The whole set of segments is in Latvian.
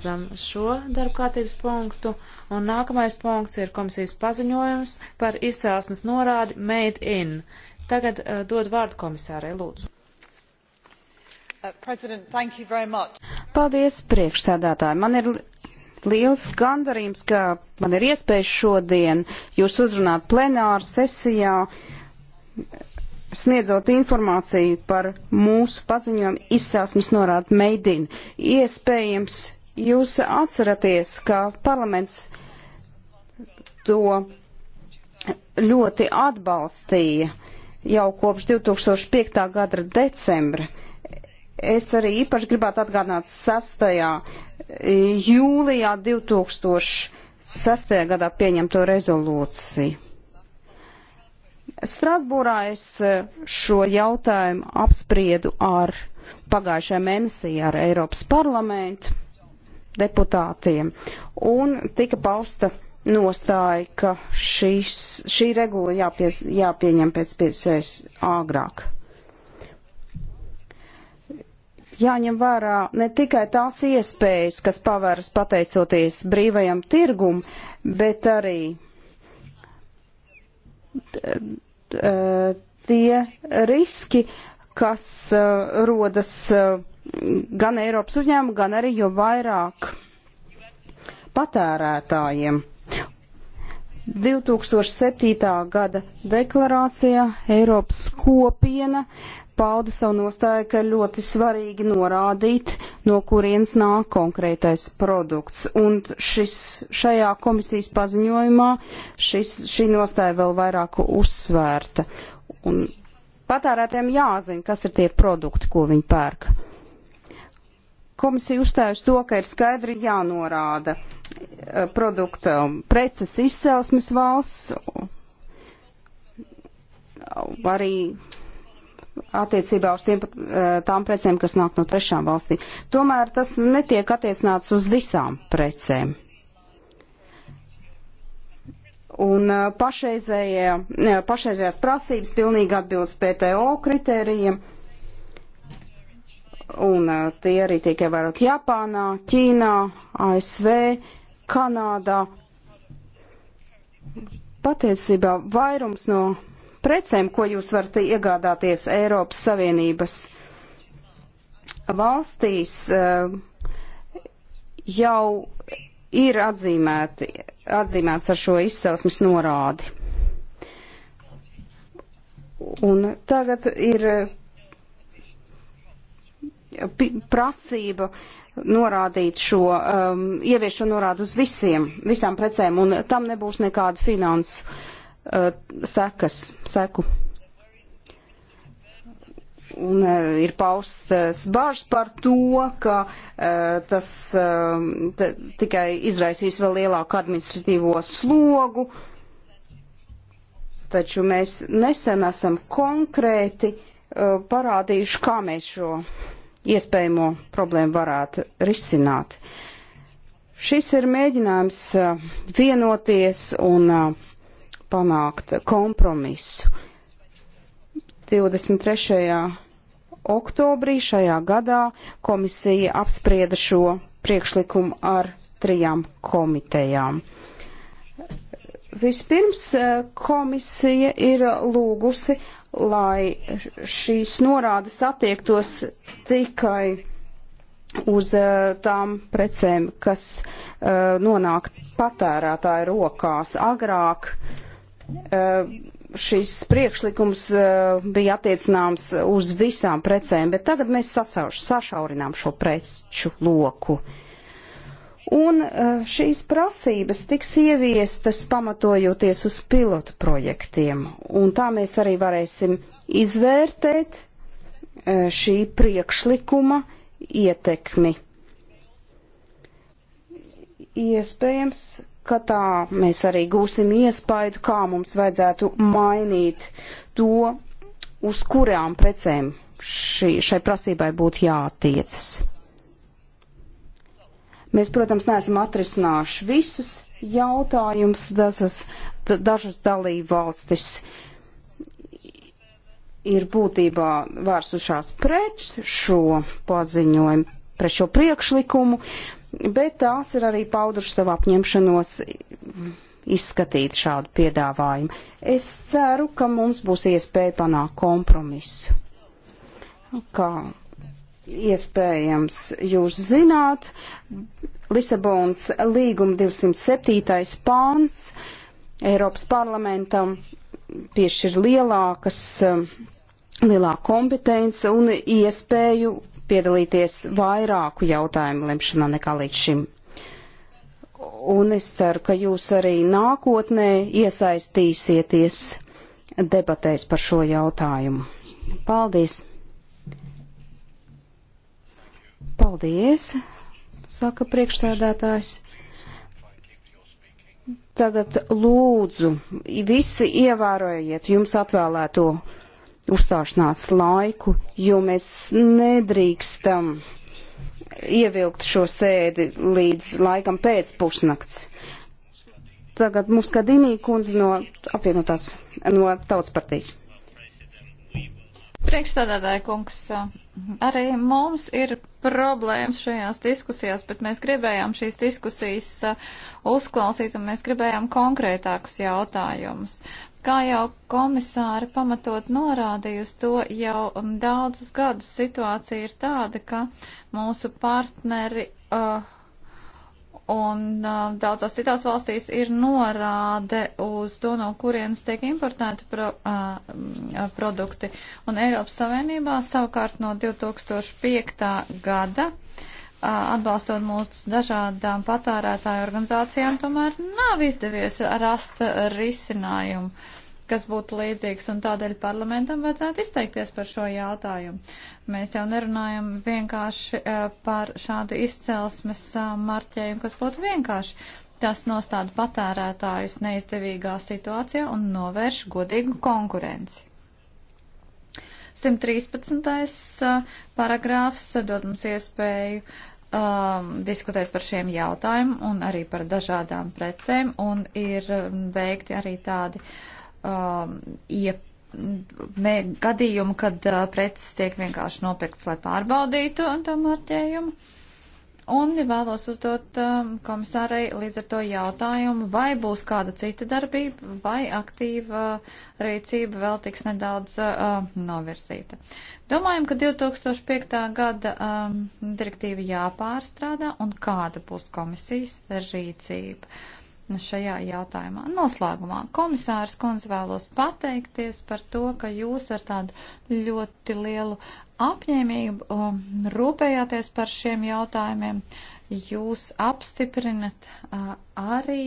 Slēdzam šo darba kārtības punktu, un nākamais punkts ir komisijas paziņojums par izcelsmes norādi Made in. Tagad uh, dod vārdu komisārai, lūdzu. Uh, Paldies, priekšsēdētāji. Man ir liels gandarījums, ka man ir iespēja šodien jūs uzrunāt plenāru sesijā, sniedzot informāciju par mūsu paziņojumu izcelsmes norādu meidin. Iespējams, Jūs atceraties, ka parlaments to ļoti atbalstīja jau kopš 2005. gada decembra. Es arī īpaši gribētu atgādināt 6. E, jūlijā 2006. gadā pieņemto rezolūciju. Strasbūrā es e, šo jautājumu apspriedu ar pagājušajā mēnesī ar Eiropas parlamentu deputātiem, un tika pausta nostāja, ka šis, šī regula jāpie, jāpieņem pēc piesēs āgrāk. Jāņem vērā ne tikai tās iespējas, kas paveras pateicoties brīvajam tirgum, bet arī eh, tie riski, kas uh, rodas uh, gan Eiropas uzņēmumu, gan arī jo vairāk patērētājiem. 2007. gada deklarācijā Eiropas kopiena pauda savu nostāju, ka ļoti svarīgi norādīt, no kurienes nāk konkrētais produkts. Un šis, šajā komisijas paziņojumā šis, šī nostāja vēl vairāk uzsvērta. Un patērētiem jāzina, kas ir tie produkti, ko viņi pērka. Komisija uzstājas to, ka ir skaidri jānorāda eh, produkta preces izcelsmes valsts, arī attiecībā uz tiem, eh, tām precēm, kas nāk no trešām valstīm. Tomēr tas netiek attiecināts uz visām precēm. Un eh, pašreizējās prasības pilnīgi atbilst PTO kritērijiem. Uh, un tie arī tiek ievērot Japānā, Ķīnā, ASV, Kanādā. Patiesībā vairums no precēm, ko jūs varat iegādāties Eiropas Savienības valstīs, jau ir atzīmēti, atzīmēts ar šo izcelsmes norādi. Un tagad ir prasība norādīt šo, um, ieviešu norādu uz visiem, visām precēm, un tam nebūs nekāda finansu uh, sekas, seku. Un uh, ir paustas uh, bažas par to, ka uh, tas uh, tikai izraisīs vēl lielāku administratīvo slogu, taču mēs nesen esam konkrēti uh, parādījuši, kā mēs šo uh, iespējamo problēmu varētu risināt. Šis ir mēģinājums vienoties un panākt kompromisu. 23. oktobrī šajā gadā komisija apsprieda šo priekšlikumu ar trijām komitejām. Vispirms komisija ir lūgusi lai šīs norādes attiektos tikai uz uh, tām precēm, kas uh, nonāk patērētāju rokās. Agrāk uh, šis priekšlikums uh, bija attiecināms uz visām precēm, bet tagad mēs sasauš, sašaurinām šo preču loku. Uh, Un e, šīs prasības tiks ieviestas pamatojoties uz pilotu projektiem, un tā mēs arī varēsim izvērtēt e, šī priekšlikuma ietekmi. Iespējams, ka tā mēs arī gūsim iespaidu, kā mums vajadzētu mainīt to, uz kurām precēm šī, šai prasībai būtu jātiecas. Mēs, protams, neesam atrisinājuši visus jautājumus, dažas, dažas dalībvalstis ir būtībā vērsušās pret šo paziņojumu, pret šo priekšlikumu, bet tās ir arī pauduši savu apņemšanos izskatīt šādu piedāvājumu. Es ceru, ka mums būs iespēja panākt kompromisu. Kā iespējams jūs zināt, Lisabonas līguma 207. pāns Eiropas parlamentam piešķir lielākas, um, lielāku kompetenci un iespēju piedalīties vairāku jautājumu lemšanā nekā līdz šim. Un es ceru, ka jūs arī nākotnē iesaistīsieties debatēs par šo jautājumu. Paldies! Paldies, saka priekšsēdētājs. Tagad lūdzu, visi ievērojiet jums atvēlēto uzstāšanās laiku, jo mēs nedrīkstam ievilkt šo sēdi līdz laikam pēc pusnakts. Tagad mums Kadinī kundze no apvienotās, no tautas partijas. Priekšstādātāja kungs, Arī mums ir problēmas šajās diskusijās, bet mēs gribējām šīs diskusijas uh, uzklausīt un mēs gribējām konkrētākus jautājumus. Kā jau komisāri pamatot norādījusi to, jau um, daudzus gadus situācija ir tāda, ka mūsu partneri uh, Un uh, daudzās citās valstīs ir norāde uz to, no kurienes tiek importēti pro, uh, produkti. Un Eiropas Savienībā savukārt no 2005. gada uh, atbalstot mūsu dažādām patērētāju organizācijām, tomēr nav izdevies rast risinājumu. Uh, kas būtu līdzīgs, un tādēļ parlamentam vajadzētu izteikties par šo jautājumu. Mēs jau nerunājam vienkārši eh, par šādu izcelsmes eh, marķējumu, kas būtu vienkārši. Tas nostāda patērētājus neizdevīgā situācijā un novērš godīgu konkurenci. 113. Eh, paragrāfs dod mums iespēju um, diskutēt par šiem jautājumiem un arī par dažādām precēm, un ir um, veikti arī tādi uh, um, iep, mē, gadījumu, kad uh, preces tiek vienkārši nopirktas, lai pārbaudītu to marķējumu. Un vēlos uzdot um, komisārai līdz ar to jautājumu, vai būs kāda cita darbība, vai aktīva uh, rīcība vēl tiks nedaudz uh, novirzīta. Domājam, ka 2005. gada um, direktīva jāpārstrādā, un kāda būs komisijas rīcība. Uh, šajā jautājumā. Noslēgumā komisārs kundze vēlos pateikties par to, ka jūs ar tādu ļoti lielu apņēmību um, rūpējāties par šiem jautājumiem. Jūs apstiprinat a, uh, arī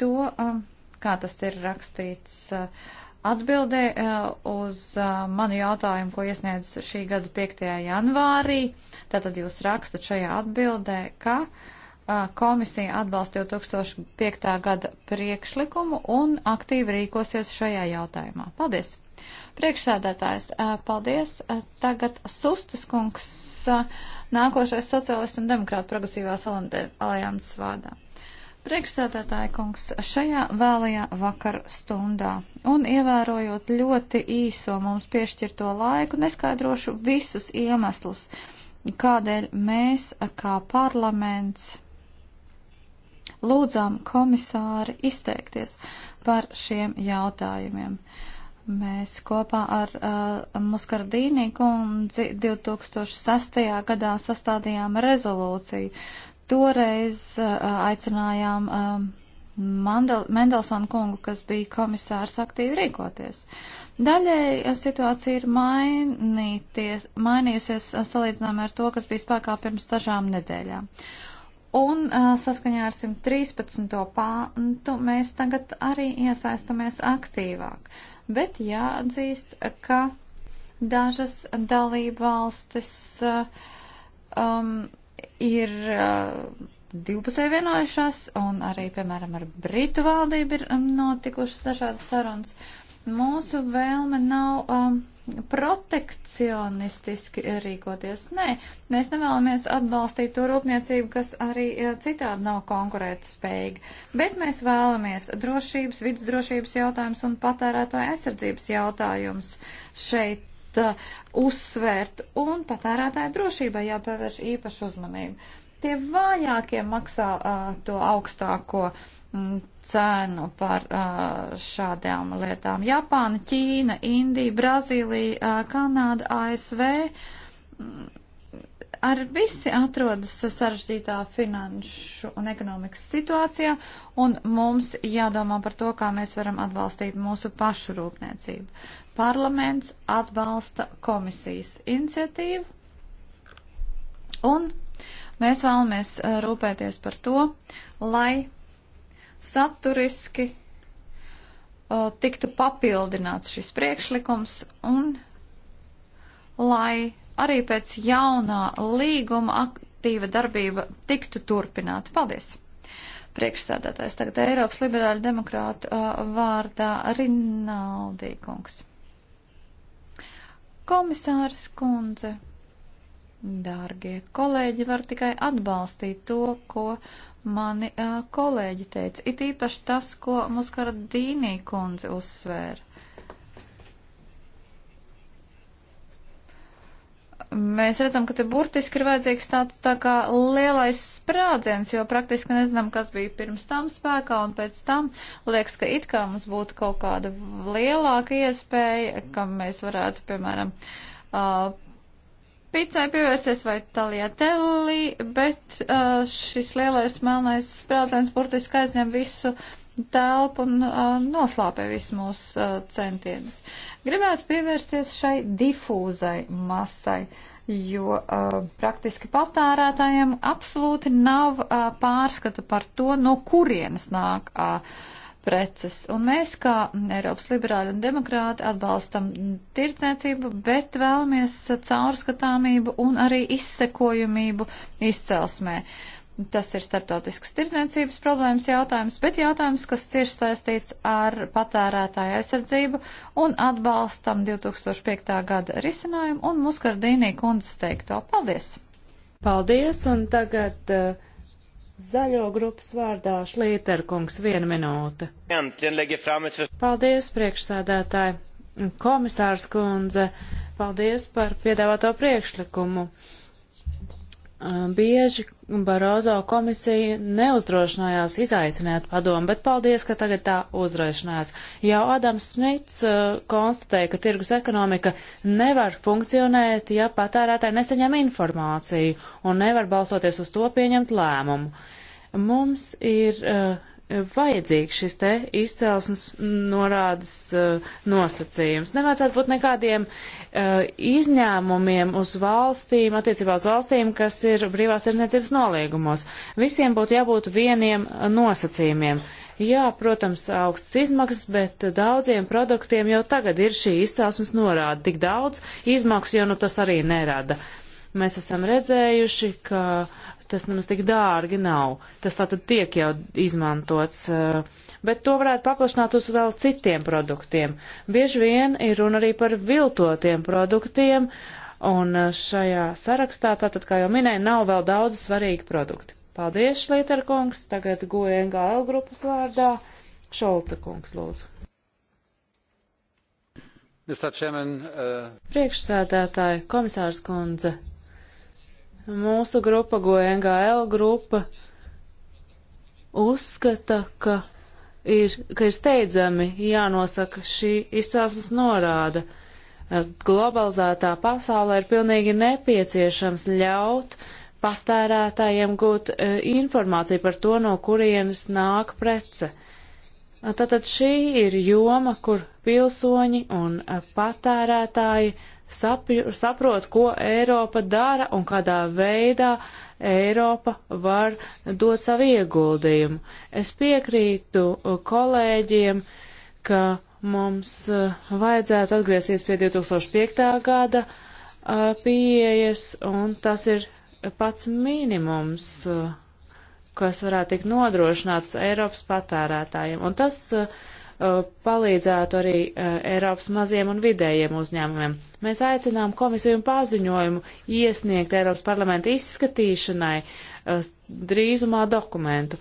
to, a, um, kā tas ir rakstīts a, uh, atbildē uh, uz manu jautājumu, ko iesniedz šī gada 5. janvārī. Tātad jūs rakstat šajā atbildē, ka uh, komisija atbalsta 2005. gada priekšlikumu un aktīvi rīkosies šajā jautājumā. Paldies! Priekšsēdētājs, paldies! Tagad Sustas kungs, nākošais sociālistu un demokrātu progresīvās alianses vārdā. Priekšsēdētāja kungs, šajā vēlajā vakar stundā un ievērojot ļoti īso mums piešķirto laiku, neskaidrošu visus iemeslus, kādēļ mēs kā parlaments lūdzām komisāri izteikties par šiem jautājumiem. Mēs kopā ar uh, Muskardīnī kundzi 2006. gadā sastādījām rezolūciju. Toreiz uh, aicinājām uh, Mandel, Mendelsonu kungu, kas bija komisārs, aktīvi rīkoties. Daļēji situācija ir mainīties, mainījusies salīdzinājumā ar to, kas bija spēkā pirms dažām nedēļām. Uh, Un saskaņā ar 113. pāntu mēs tagad arī iesaistamies aktīvāk. Bet jāatzīst, ka dažas dalībvalstis um, ir. Uh, divpusēji vienojušās, un arī, piemēram, ar Britu valdību ir notikušas dažādas sarunas. Mūsu vēlme nav um, protekcionistiski rīkoties. Nē, mēs nevēlamies atbalstīt to rūpniecību, kas arī eh, citādi nav konkurēta spējīga, bet mēs vēlamies drošības, vidas drošības jautājums un patērētāja aizsardzības jautājums šeit uh, uzsvērt un patērētāja drošībai jāpievērš īpašu uzmanību. Tie vājākie maksā uh, to augstāko uh, Mm, cenu par šādām lietām. Japāna, Ķīna, Indija, Brazīlija, Kanāda, ASV mm, ar visi atrodas sarežģītā finanšu un ekonomikas situācijā, un mums jādomā par to, kā mēs varam atbalstīt mūsu pašu rūpniecību. Parlaments atbalsta komisijas iniciatīvu, un mēs vēlamies rūpēties par to, lai saturiski uh, tiktu papildināts šis priekšlikums un lai arī pēc jaunā līguma aktīva darbība tiktu turpināta. Paldies! Priekšsēdētājs tagad Eiropas liberāļu demokrātu uh, vārdā Rinaldī kungs. Komisārs kundze, dārgie kolēģi, var tikai atbalstīt to, ko mani uh, kolēģi teica. It īpaši tas, ko Muskardīnī kundze uzsvēra. Mēs redzam, ka te burtiski ir vajadzīgs tāds tā kā lielais sprādziens, jo praktiski nezinām, kas bija pirms tam spēkā un pēc tam liekas, ka it kā mums būtu kaut kāda lielāka iespēja, ka mēs varētu, piemēram, uh, pizzai pievērsties vai taljatellī, bet uh, šis lielais melnais sprādziens burtiski aizņem visu telpu un uh, noslāpē visu mūsu uh, centienus. Gribētu pievērsties šai difūzai masai, jo uh, praktiski patērētājiem absolūti nav uh, pārskata par to, no kurienes nāk. Uh, preces. Un mēs, kā Eiropas liberāļi un demokrāti, atbalstam tirdzniecību, bet vēlamies caurskatāmību un arī izsekojumību izcelsmē. Tas ir starptautiskas tirdzniecības problēmas jautājums, bet jautājums, kas cieši saistīts ar patērētāju aizsardzību un atbalstam 2005. gada risinājumu un Muskardīnī kundzes teikto. Paldies! Paldies, un tagad uh, Zaļo grupas vārdā Šlīterkungs viena minūte. Paldies, priekšsādātāji. Komisārs kundze, paldies par piedāvāto priekšlikumu. Uh, bieži Barozo komisija neuzdrošinājās izaicināt padomu, bet paldies, ka tagad tā uzdrošinās. Jau Adams Smits uh, konstatēja, ka tirgus ekonomika nevar funkcionēt, ja patērētāji nesaņem informāciju un nevar balsoties uz to pieņemt lēmumu. Mums ir uh, vajadzīgs šis te izcelsmes norādes uh, nosacījums. Nevajadzētu būt nekādiem uh, izņēmumiem uz valstīm, attiecībā uz valstīm, kas ir brīvās tirdzniecības noliegumos. Visiem būtu jābūt vieniem eh, nosacījumiem. Jā, protams, augsts izmaksas, bet daudziem produktiem jau tagad ir šī izcelsmes norāda. Tik daudz izmaksu, jo nu tas arī nerada. Mēs esam redzējuši, ka uh, tas nemaz tik dārgi nav. Tas tātad tiek jau izmantots, eh, bet to varētu paplašināt uz vēl citiem produktiem. Bieži vien ir runa arī par viltotiem produktiem, un eh, šajā sarakstā, tātad, kā jau minēju, nav vēl daudz svarīgi produkti. Paldies, Šlīterkungs, tagad GOENGL grupas vārdā Šolca kungs lūdzu. Eh, Priekšsēdētāji, komisārs kundze, Mūsu grupa, GONGL grupa, uzskata, ka ir, ka ir steidzami jānosaka šī izcelsmes norāda. Globalizētā pasaulē ir pilnīgi nepieciešams ļaut patērētājiem gūt e, informāciju par to, no kurienes nāk prece. Tātad šī ir joma, kur pilsoņi un e, patērētāji sapju, saprot, ko Eiropa dara un kādā veidā Eiropa var dot savu ieguldījumu. Es piekrītu kolēģiem, ka mums eh, vajadzētu atgriezties pie 2005. gada eh, pieejas, un tas ir pats minimums, eh, kas varētu tikt nodrošināts Eiropas patērētājiem. Un tas uh, Uh, palīdzētu arī uh, Eiropas maziem un vidējiem uzņēmumiem. Mēs aicinām komisiju un paziņojumu iesniegt Eiropas parlamenta izskatīšanai uh, drīzumā dokumentu.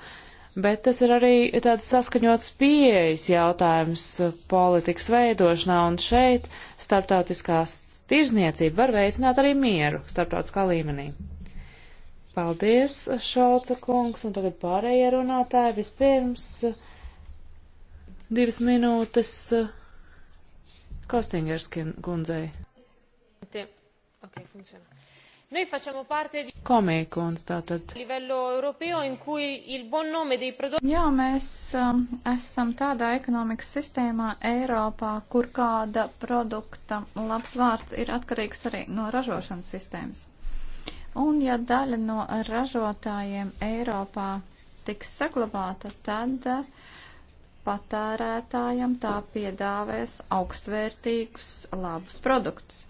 Bet tas ir arī tāds saskaņots pieejas jautājums politikas veidošanā, un šeit starptautiskās tirzniecība var veicināt arī mieru starptautiskā līmenī. Paldies, Šalca kungs, un tagad pārējie runātāji. Vispirms uh, Divas minūtes eh, Kostingers kundzei. Okay, Noi facciamo parte di Komija kundz tātad. Livello europeo in cui il buon nome dei prodotti. Jā, mēs um, esam tādā ekonomikas sistēmā Eiropā, kur kāda produkta labs vārds ir atkarīgs arī no ražošanas sistēmas. Un ja daļa no ražotājiem Eiropā tiks saglabāta, tad uh, patērētājam tā piedāvēs augstvērtīgus, labus produktus.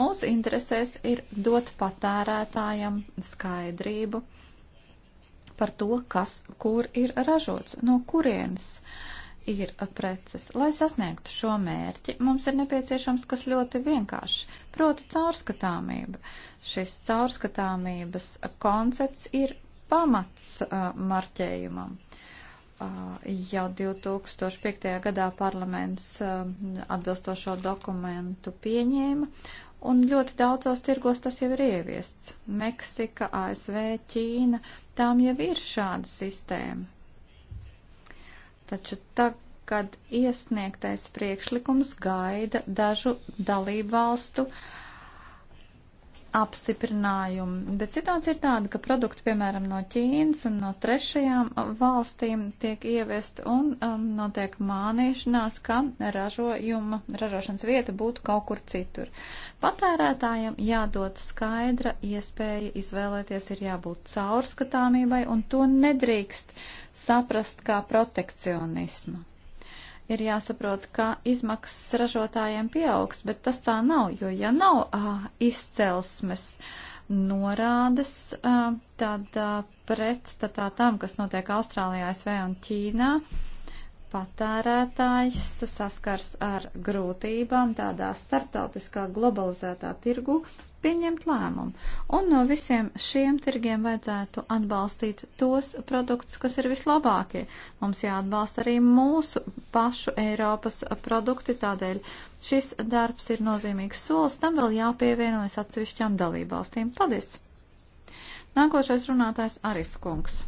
Mūsu interesēs ir dot patērētājam skaidrību par to, kas, kur ir ražots, no kurienes ir preces. Lai sasniegtu šo mērķi, mums ir nepieciešams kas ļoti vienkārši, proti caurskatāmība. Šis caurskatāmības koncepts ir pamats uh, marķējumam. Uh, Uh, jau 2005. gadā parlaments uh, atbilstošo dokumentu pieņēma, un ļoti daudzos tirgos tas jau ir ieviests. Meksika, ASV, Ķīna, tām jau ir šāda sistēma. Taču tagad iesniegtais priekšlikums gaida dažu dalību valstu uh, apstiprinājumu. Bet situācija ir tāda, ka produkti, piemēram, no Ķīnas un no trešajām valstīm tiek ievest un um, notiek mānīšanās, ka ražojuma, ražošanas vieta būtu kaut kur citur. Patērētājiem jādod skaidra iespēja izvēlēties, ir jābūt caurskatāmībai un to nedrīkst saprast kā protekcionismu ir jāsaprot, ka izmaksas ražotājiem pieaugs, bet tas tā nav, jo ja nav ā, izcelsmes norādes, ā, tad ā, pretstatā tam, kas notiek Austrālijā, SV un Ķīnā, patērētājs saskars ar grūtībām tādā starptautiskā globalizētā tirgu, pieņemt lēmumu. Un no visiem šiem tirgiem vajadzētu atbalstīt tos produktus, kas ir vislabākie. Mums jāatbalsta arī mūsu pašu Eiropas produkti, tādēļ šis darbs ir nozīmīgs solis, tam vēl jāpievienojas atsevišķām dalībvalstīm. Paldies! Nākošais runātājs Arif Kungs.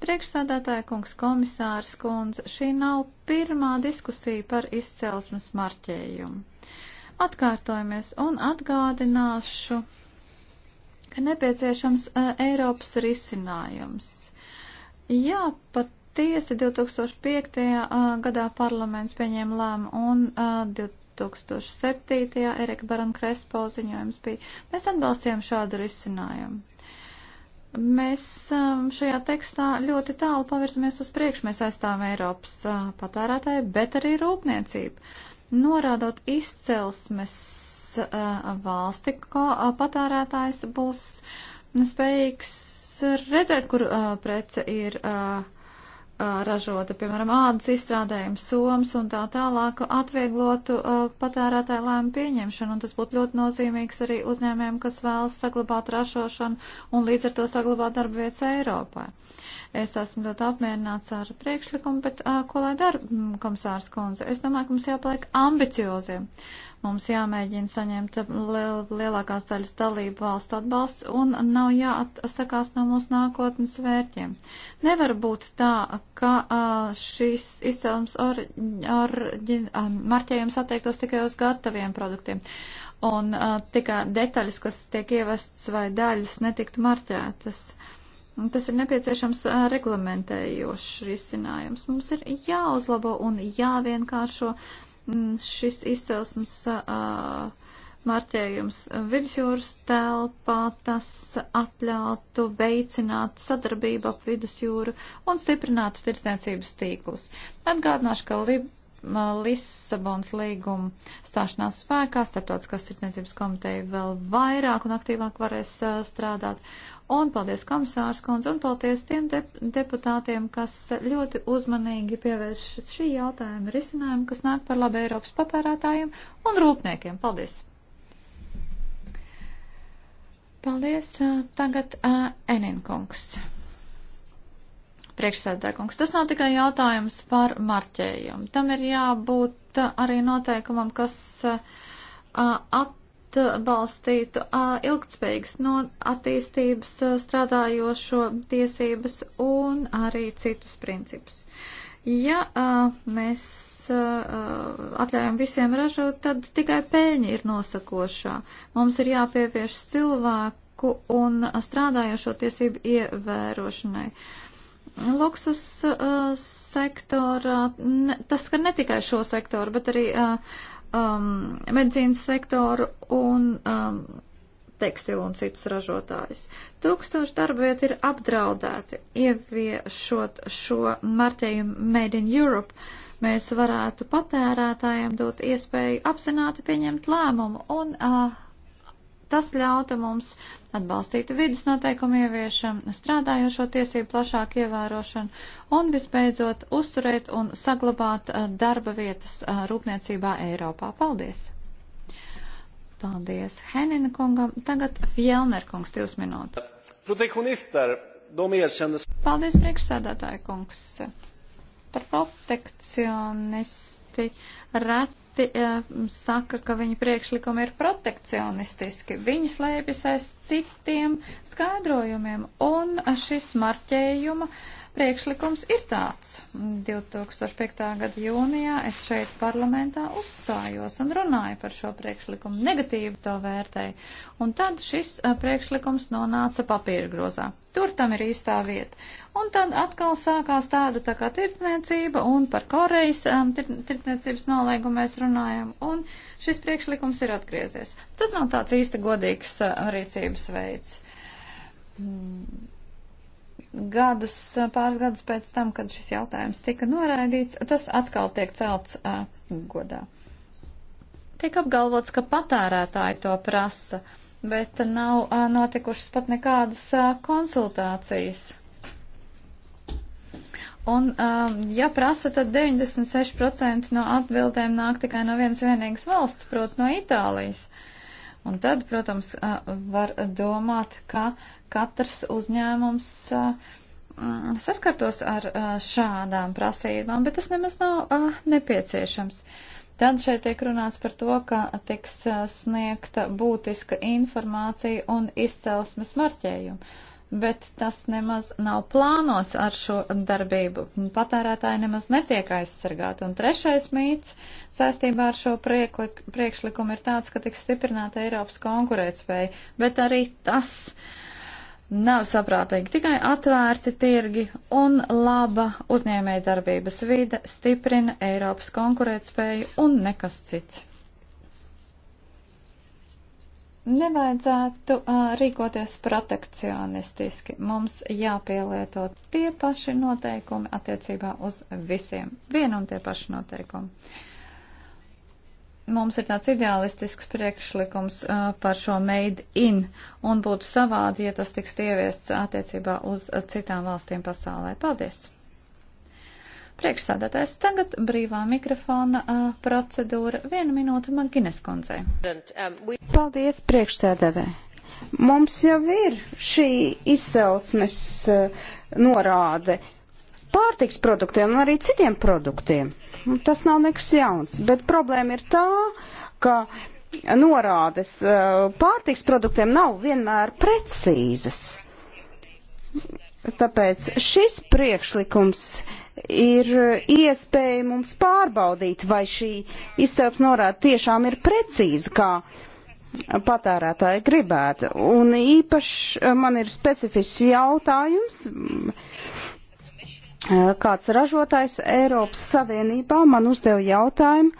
Priekšsādātāja kungs komisārs kundze, šī nav pirmā diskusija par izcelsmes marķējumu atkārtojamies un atgādināšu, ka nepieciešams uh, Eiropas risinājums. Jā, pat tiesa 2005. gadā parlaments pieņēma lēmu un 2007. E, Erika Baran Krespo ziņojums bija. Mēs atbalstījām šādu risinājumu. Mēs e, šajā tekstā ļoti tālu pavirzamies uz priekšu. Mēs aizstāvam Eiropas patērētāju, bet arī rūpniecību norādot izcelsmes uh, valsti, ko uh, patērētājs būs spējīgs redzēt, kur uh, prece ir. Uh, ražota, piemēram, ādas izstrādājumi, somas un tā tālāk, atvieglotu uh, patērētāju lēmu pieņemšanu. Un tas būtu ļoti nozīmīgs arī uzņēmējiem, kas vēlas saglabāt ražošanu un līdz ar to saglabāt darba vietas Eiropā. Es esmu ļoti apmierināts ar priekšlikumu, bet uh, ko lai dara komisārs Kunze? Es domāju, ka mums jāpaliek ambicioziem. Uh, Mums jāmēģina saņemt lielākās daļas dalību valstu atbalsts un nav jāatsakās no mūsu nākotnes vērķiem. Nevar būt tā, ka šīs izcēlums ar, ar, ar marķējums attiektos tikai uz gataviem produktiem un uh, tikai detaļas, kas tiek ievestas vai daļas, netiktu marķētas. Un tas ir nepieciešams uh, reglamentējošs risinājums. Mums ir jāuzlabo un jāvienkāršo uh, Mm, šis izcelsmes marķējums vidusjūras telpā, tas atļautu veicināt sadarbību ap vidusjūru un stiprinātu tirdzniecības tīklus. Atgādināšu, ka Lib Lisabons līguma stāšanās spēkā starptautiskās tirdzniecības komiteja vēl vairāk un aktīvāk varēs strādāt Un paldies komisārs kundze un paldies tiem de deputātiem, kas ļoti uzmanīgi pievērš šī jautājuma risinājumu, kas nāk par labu Eiropas patērētājiem un rūpniekiem. Paldies! Paldies! Tagad uh, Eninkungs. Priekšsēdētājkungs, tas nav tikai jautājums par marķējumu. Tam ir jābūt arī noteikumam, kas uh, at atbalstītu eh, ilgtspējīgas no attīstības strādājošo tiesības un arī citus principus. Ja mēs atļaujam visiem ražot, tad tikai peļņa ir nosakošā. Mums ir jāpievieš cilvēku un strādājošo tiesību ievērošanai luksus uh, sektorā, ne, tas skar ne tikai šo sektoru, bet arī uh, um, medicīnas sektoru un um, tekstilu un citus ražotājus. Tūkstoši darba vietu ir apdraudēti. Ieviešot šo marķējumu Made in Europe, mēs varētu patērētājiem dot iespēju apzināti pieņemt lēmumu un uh, Tas ļautu mums atbalstīt vidas noteikumu ieviešanu, strādājošo tiesību plašāku ievērošanu un, visbeidzot, uzturēt un saglabāt eh, darba vietas eh, rūpniecībā Eiropā. Paldies! Paldies Henina kungam. Tagad Fjellner kungs, divas minūtes. Protekcionister, domiešanas. Paldies priekšsēdētāja kungs. Par protekcionist ļoti reti uh, saka, ka viņa priekšlikumi ir protekcionistiski. Viņi slēpjas aiz citiem skaidrojumiem, un šis marķējuma uh, Priekšlikums ir tāds. 2005. gada jūnijā es šeit parlamentā uzstājos un runāju par šo priekšlikumu, negatīvi to vērtēju. Un tad šis priekšlikums nonāca papīra grozā. Tur tam ir īstā vieta. Un tad atkal sākās tāda tā kā tirdzniecība, un par Korejas um, tirdzniecības nolēgumu mēs runājam, un šis priekšlikums ir atgriezies. Tas nav tāds īsti godīgs uh, rīcības veids. Mm gadus, pāris gadus pēc tam, kad šis jautājums tika noraidīts, tas atkal tiek celts uh, godā. Tiek apgalvots, ka patērētāji to prasa, bet nav uh, notikušas pat nekādas uh, konsultācijas. Un, uh, ja prasa, tad 96% no atbildēm nāk tikai no vienas vienīgas valsts, proti no Itālijas. Uh, Un tad, protams, var domāt, ka katrs uzņēmums saskartos ar šādām prasībām, bet tas nemaz nav nepieciešams. Tad šeit tiek runāts par to, ka tiks sniegta būtiska informācija un izcelsmes marķējumi bet tas nemaz nav plānots ar šo darbību. Patērētāji nemaz netiek aizsargāti. Un trešais mīts saistībā ar šo priekšlikumu ir tāds, ka tiks stiprināta Eiropas konkurētspēja, bet arī tas nav saprātīgi. Tikai atvērti tirgi un laba uzņēmēja darbības vide stiprina Eiropas konkurētspēju un nekas cits. Nevajadzētu uh, rīkoties protekcionistiski. Mums jāpielieto tie paši noteikumi attiecībā uz visiem. Vien un tie paši noteikumi. Mums ir tāds ideālistisks priekšlikums uh, par šo made in, un būtu savādi, ja tas tiks ieviests attiecībā uz citām valstīm pasaulē. Paldies! Priekšsādātājs tagad brīvā mikrofona uh, procedūra. Vienu minūtu man Gineskundzei. Paldies, priekšsādātāji. Mums jau ir šī izcelsmes uh, norāde pārtiks produktiem un arī citiem produktiem. Tas nav nekas jauns, bet problēma ir tā, ka norādes pārtiks produktiem nav vienmēr precīzas. Tāpēc šis priekšlikums ir iespēja mums pārbaudīt, vai šī izcelsmes norāde tiešām ir precīza, kā patērētāji gribētu. Un īpaši man ir specifisks jautājums. Kāds ražotājs Eiropas Savienībā man uzdeva jautājumu,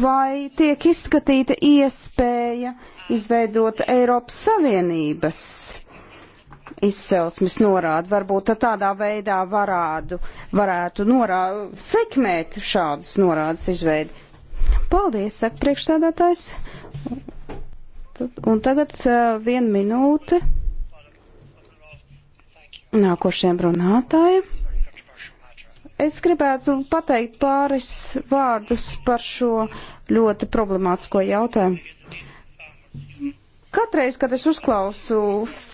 vai tiek izskatīta iespēja izveidot Eiropas Savienības uh, izcelsmes norādi. Varbūt tādā veidā varādu, varētu norā, sekmēt šādas norādes izveidi. Paldies, saka priekšstādātājs. Un tagad uh, viena minūte nākošiem runātājiem. Es gribētu pateikt pāris vārdus par šo ļoti problemātisko jautājumu. Katreiz, kad es uzklausu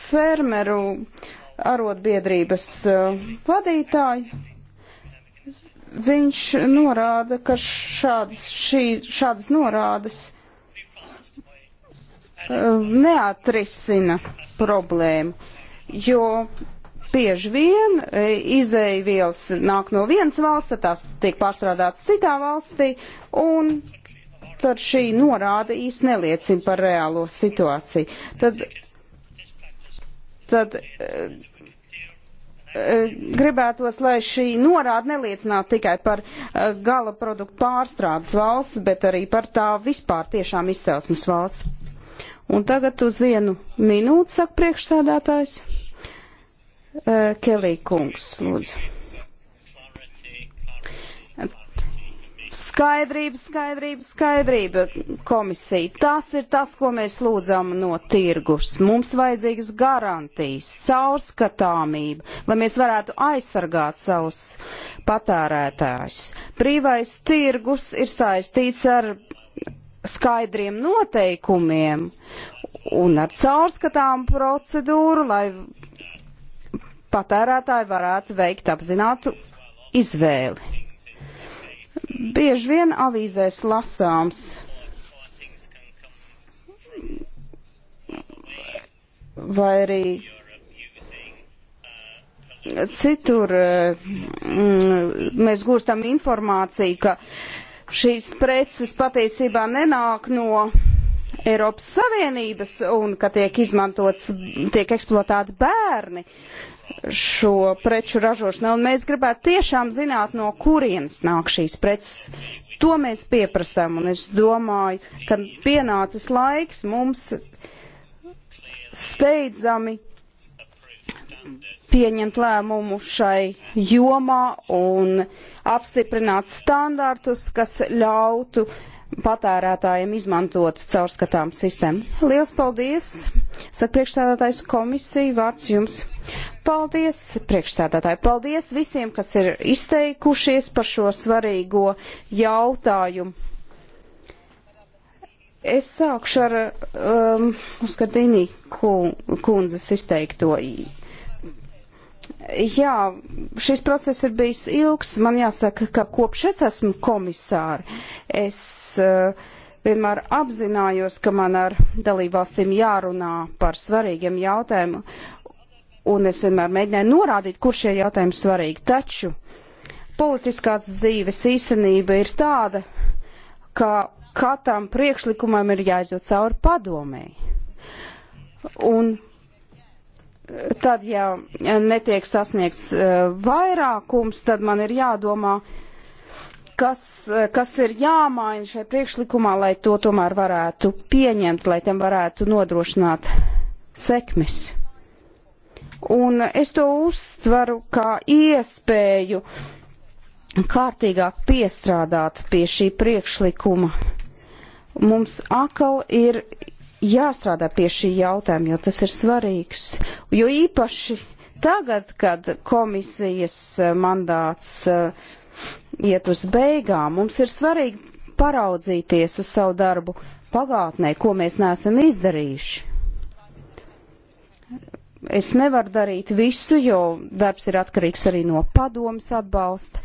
fermeru arotbiedrības eh, vadītāju. Viņš norāda, ka šādas, šī, šādas norādes eh, neatrisina problēmu, jo bieži vien eh, izēja vielas nāk no vienas valsts, tās tiek pārstrādātas citā valstī, un tad šī norāda īsti neliecina par reālo situāciju. Tad tad eh, eh, gribētos, lai šī norāda neliecinātu tikai par eh, gala produktu pārstrādes valsts, bet arī par tā vispār tiešām izcelsmes valsts. Un tagad uz vienu minūti saka priekšsēdētājs. Kelī kungs, lūdzu. Skaidrība, skaidrība, skaidrība komisija. Tas ir tas, ko mēs lūdzam no tirgus. Mums vajadzīgas garantijas, caurskatāmība, lai mēs varētu aizsargāt savus patērētājus. Brīvais tirgus ir saistīts ar skaidriem noteikumiem un ar caurskatām procedūru, lai patērētāji varētu veikt apzinātu izvēli bieži vien avīzēs lasāms. Vai arī citur eh, mm, mēs gūstam informāciju, ka šīs preces patiesībā nenāk no Eiropas Savienības un ka tiek izmantots, tiek eksploatāti bērni šo preču ražošanā. Un mēs gribētu tiešām zināt, no kurienes nāk šīs preces. To mēs pieprasām, un es domāju, ka pienācis laiks mums steidzami pieņemt lēmumu šai jomā un apstiprināt standartus, kas ļautu uh, patērētājiem izmantot caurskatām sistēmu. Lielas paldies! Saka priekšstādātājs komisija, vārds jums. Paldies, priekšstādātāji! Paldies visiem, kas ir izteikušies par šo svarīgo jautājumu. Es sākšu ar um, Muskardīnī kundzes izteikto Jā, šis process ir bijis ilgs. Man jāsaka, ka kopš es esmu komisāri, es uh, vienmēr apzinājos, ka man ar dalībvalstīm jārunā par svarīgiem jautājumiem, un es vienmēr mēģināju norādīt, kur šie jautājumi svarīgi. Taču politiskās dzīves īstenība ir tāda, ka katram priekšlikumam ir jāiziet cauri padomēji. Un tad, ja netiek sasniegts e, vairākums, tad man ir jādomā, kas, e, kas ir jāmaina šai priekšlikumā, lai to tomēr varētu pieņemt, lai tam varētu nodrošināt sekmes. Un es to uztveru kā iespēju kārtīgāk piestrādāt pie šī priekšlikuma. Mums akal ir jāstrādā pie šī jautājuma, jo tas ir svarīgs. Jo īpaši tagad, kad komisijas eh, mandāts eh, iet uz beigām, mums ir svarīgi paraudzīties uz savu darbu pagātnē, ko mēs neesam izdarījuši. Es nevaru darīt visu, jo darbs ir atkarīgs arī no padomas atbalsta,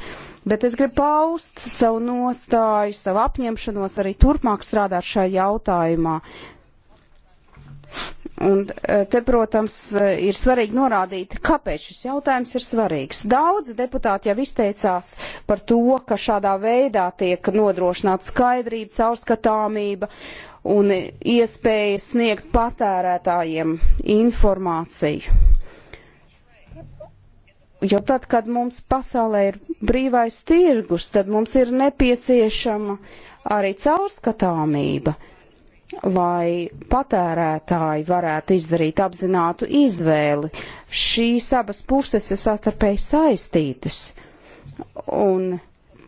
bet es gribu paust savu nostāju, savu apņemšanos arī turpmāk strādāt šajā jautājumā, Un e, te, protams, e, ir svarīgi norādīt, kāpēc šis jautājums ir svarīgs. Daudzi deputāti jau izteicās par to, ka šādā veidā tiek nodrošināta skaidrība, caurskatāmība un iespēja sniegt patērētājiem informāciju. Jo tad, kad mums pasaulē ir brīvais tirgus, tad mums ir nepieciešama arī caurskatāmība lai patērētāji varētu izdarīt apzinātu izvēli. Šīs abas puses ir sastarpēji saistītas. Un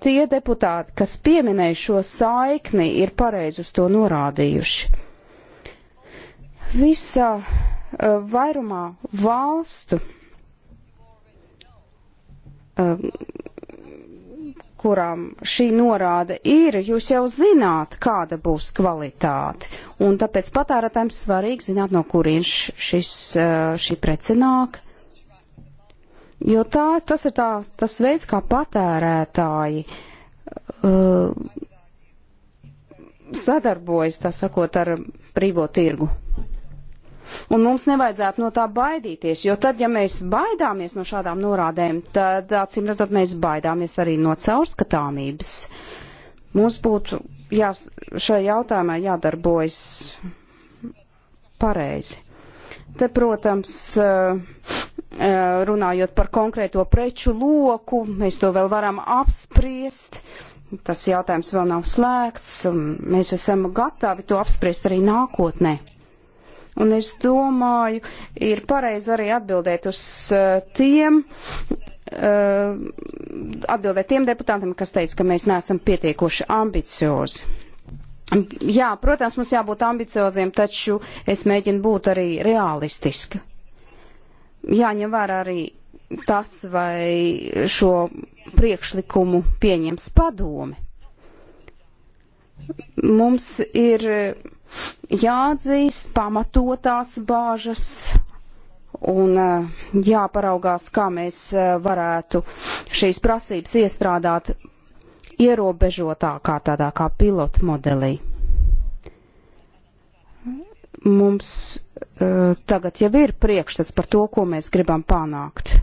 tie deputāti, kas pieminēja šo saikni, ir pareizi uz to norādījuši. Visā eh, vairumā valstu eh, kurām šī norāde ir, jūs jau zināt, kāda būs kvalitāte. Un tāpēc patērētājiem svarīgi zināt, no kurienes šis, šī prece nāk. Jo tā, tas ir tā, tas veids, kā patērētāji uh, sadarbojas, tā sakot, ar brīvo tirgu. Un mums nevajadzētu no tā baidīties, jo tad, ja mēs baidāmies no šādām norādēm, tad, acīm redzot, mēs baidāmies arī no caurskatāmības. Mums būtu jās, šai jautājumā jādarbojas pareizi. Te, protams, eh, eh, runājot par konkrēto preču loku, mēs to vēl varam apspriest. Tas jautājums vēl nav slēgts, un mēs esam gatavi to apspriest arī nākotnē. Un es domāju, ir pareizi arī atbildēt uz eh, tiem, eh, atbildēt tiem deputātiem, kas teica, ka mēs neesam pietiekoši ambiciozi. Jā, protams, mums jābūt ambicioziem, taču es mēģinu būt arī realistiska. Jāņem vērā arī tas, vai šo priekšlikumu pieņems padome. Mums ir jāatzīst pamatotās bāžas un eh, jāparaugās, kā mēs eh, varētu šīs prasības iestrādāt ierobežotākā tādā kā pilotu modelī. Mums eh, tagad jau ir priekšstats par to, ko mēs gribam panākt.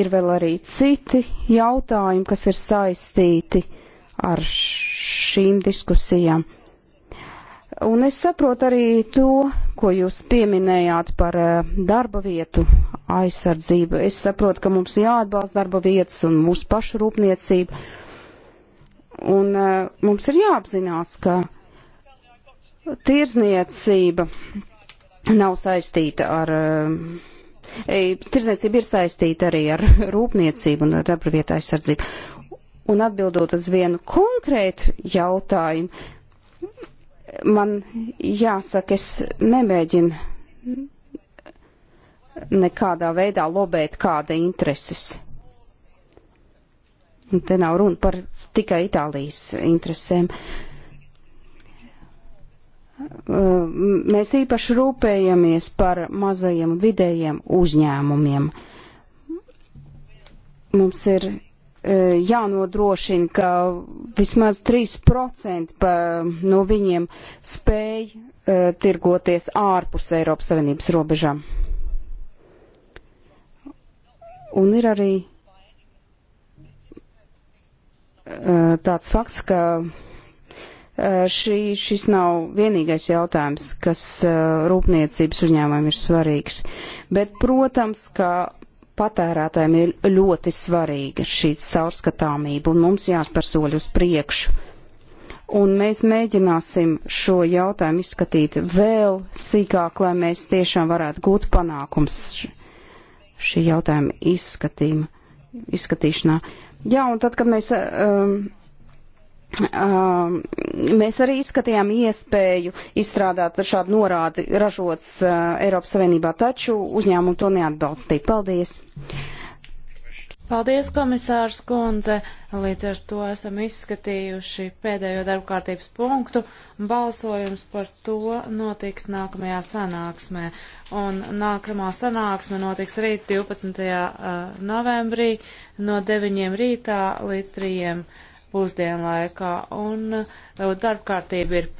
Ir vēl arī citi jautājumi, kas ir saistīti ar šīm diskusijām. Un es saprotu arī to, ko jūs pieminējāt par eh, darba vietu aizsardzību. Es saprotu, ka mums jāatbalsta darba vietas un mūsu pašu rūpniecība. Un eh, mums ir jāapzinās, ka tirzniecība nav saistīta ar. Eh, tirzniecība ir saistīta arī ar rūpniecību un darba vietā aizsardzību. Un atbildot uz vienu konkrētu jautājumu, man jāsaka, es nemēģinu nekādā veidā lobēt kāda intereses. Un te nav runa par tikai Itālijas interesēm. Mēs īpaši rūpējamies par mazajiem vidējiem uzņēmumiem. Mums ir E, jānodrošina, ka vismaz 3% pa, no viņiem spēj uh, tirgoties ārpus Eiropas Savienības robežām. Un ir arī uh, tāds fakts, ka šī, šis nav vienīgais jautājums, kas rūpniecības uzņēmumam ir svarīgs. Bet, protams, ka patērētājiem ir ļoti svarīga šī caurskatāmība, un mums jāspēr soļi uz priekšu. Un mēs mēģināsim šo jautājumu izskatīt vēl sīkāk, lai mēs tiešām varētu gūt panākums šī jautājuma izskatījuma, izskatīšanā. Jā, un tad, kad mēs um, Um, mēs arī izskatījām iespēju izstrādāt šādu norādi ražots uh, Eiropas Savienībā, taču uzņēmumu to neatbalstīja. Paldies! Paldies, komisārs Kundze! Līdz ar to esam izskatījuši pēdējo darba kārtības punktu. Balsojums par to notiks nākamajā sanāksmē. Un nākamā sanāksme notiks rīt 12. Uh, novembrī no 9. rītā līdz 3 pusdienlaikā, un uh, darba kārtība ir.